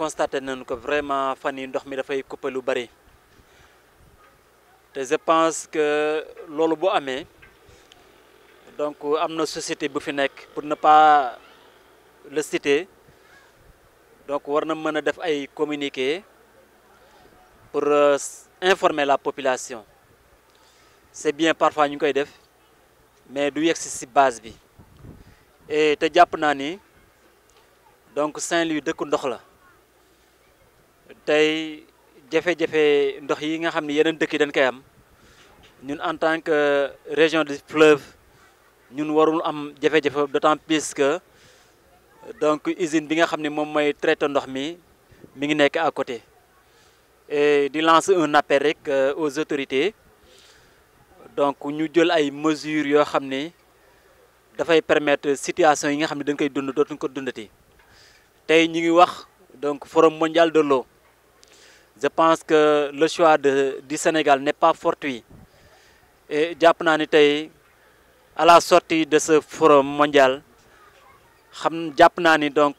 constaté nañ que vraiment fan yi ndox mi dafay couper lu bari te je pense que loolu bu amee donc am société bu fi nekk pour ne pas le citer donc war na a def ay communiquer pour euh, informer la population c'est bien parfois ñu koy def mais du yegsi ci base bi et te jàpp naa ni donc Saint-Louis dëkku ndox la tay jafé jafé ndox yi nga en tant que région du fleuve ñun warul am d'autant plus que donc usine bi nga à côté et di lancer un appel euh, aux autorités donc ñu jël ay mesures yoo permettre situation yi nga dañ koy donc forum mondial de l'eau je pense que le choix de, du Sénégal n'est pas fortuit. Et Diapnanité, à la sortie de ce forum mondial, Diapnani, donc,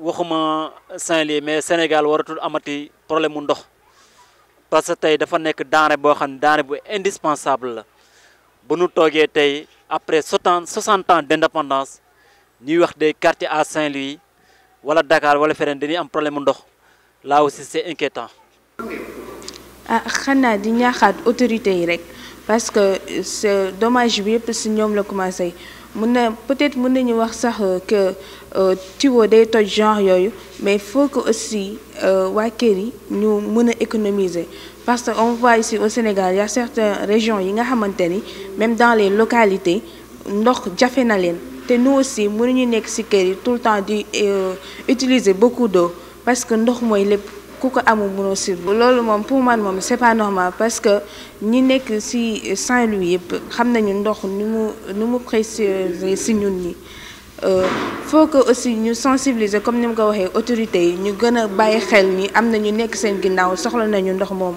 waxuma Saint-Louis mais Sénégal waratul amati problème ndox parce que c'est dafa nekk denrée boo xam ne indispensable bu après 60 ans d'indépendance, nous avons wax des quartiers à Saint-Louis wala Dakar wala à dañuy am problème un ndox là aussi c'est inquiétant. ah xanaa di ñaaxaat autorité yi rek parce que euh, ce dommage bi les si la commencé mun peut-être mun ñu wax sax euh, que euh, tu day toj genre yoyu, mais faut que aussi waa kër yi ñu mëna économiser parce qu'on voit ici au Sénégal il y a certaines régions yi nga xamanteni même dans les localités ndox jafé na len té nous aussi mënuñu nekk si kër yi tout le temps di utiliser beaucoup d'eau parce que ndox moy lepp kuko ko mëno mënoo survivre loolu moom pour man mom c'est pas normal parce que ñi nek ci Saint-Louis yëpp xam nañu ndox ni mu ni mu précieux ci ñun ñi euh, faut que aussi ñu sensibiliser comme ni ko waxé autorité yi ñu gëna bayyi xel ni amna ñu nek seen ginnaw soxla nañu ndox mom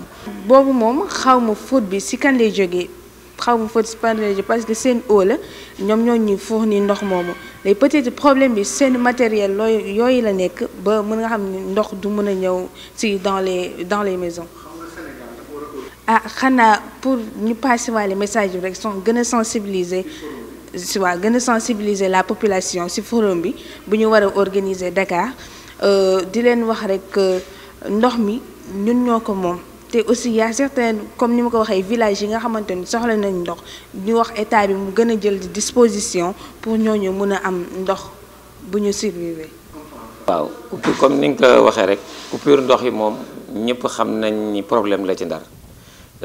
bobu mom xaw foot bi si kan lay jógee xaw ma fausse parrainage parce que seen eau la ñoom ñoo ñuy fournir ndox moomu mais peut-être problème bi matériel looy yooyu la nekk ba mën nga xam ne ndox du mën a ñëw si dans les dans les maisons. ah xanaa pour ñu passer waale message messages rek son gën sensibiliser. si waa gën sensibiliser la population si forum bi bu ñu war organiser Dakar euh, di leen wax rek ndox mi ñun ñoo ko té aussi y a certaines comme ni mako waxé village yi nga xamanténi soxla nañ ndox ñu wax état bi mu gëna a jël disposition pour ñooñu mëna am ndox bu ñu survivre. waaw coupure comme ni nga ko rek coupure ndox yi mom ñëpp xam nañ ni problème la ci ndar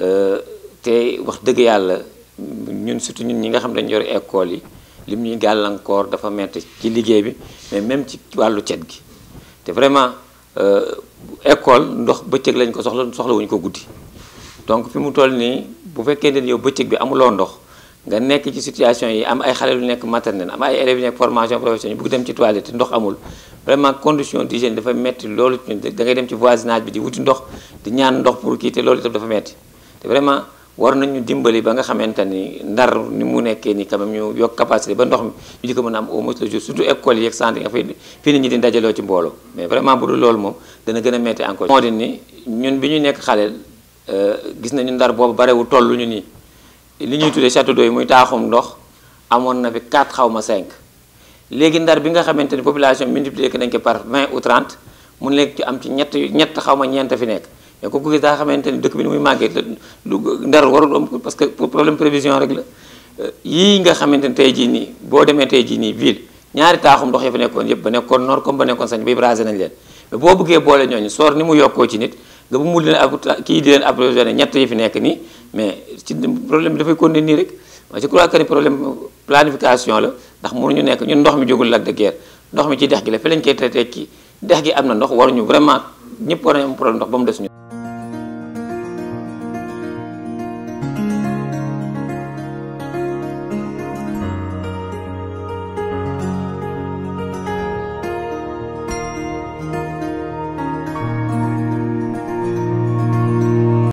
euh té wax dëgg yalla ñun surtout ñun ñi nga xam dañ yor école yi lim ñuy gàllankoor dafa metti ci liggéey bi mais même ci walu cet gi té vraiment. ecole euh, ndox bëccëg lañ ko soxla soxla wuñ ko guddi donc fi mu toll nii bu fekkee ne yow bëccëg bi amuloo ndox nga nekk ci situation yi am ay xale lu nekk maternelle am ay élèves yu nekk formation bugg dem ci toilette ndox amul vraiment condition di d'hygiène dafa metti loolu da ngay dem ci voisinage bi di wuti ndox di ñaan ndox pour kii te loolu tam dafa metti te vraiment war nañu dimbali ba nga xamante ni ndar ni mu nekkee ni quand même ñu yokk capacité ba ndox mi ñu di ko mën a am au moins le jour surtout école yi ak centre nga fay fii nit ñi di dajaloo ci mbooloo mais vraiment bu dul loolu moom dana gën a metti encore moo di ni ñun bi ñu nekk xaleel euh, gis nañu ndar boobu barewul tollu ñu nii li ñuy tuddee château d'eau yi muy taaxum ndox amoon na fi 4 xaw ma 5 léegi ndar bi nga xamante ni population multiplié nañ ko par 20 ou 30 mu nekk ci am ci ñett ñett xaw ma ñeent fi nekk mais ku ko gis daa xamante ni dëkk bi ni muy màggee lu ndar warul parce que problème prévision rek la yii nga xamante ni tey jii nii boo demee tey jii nii ville ñaari taaxum ndox ya fa nekkoon yëpp ba nekkoon nord comme ba nekkoon sañ ba brasé nañ leen mais boo bëggee boole ñooñu soor ni mu yokkoo ci nit ñett yi fi nekk nii mais ci problème bi dafay nii rek ma je crois que ni problème planification la ndax nekk ñun ndox mi jógul Lac ndox mi ci dex gi la lañ koy traité kii dex am na ndox waruñu vraiment ñëpp war nañu am problème ba mu des ñu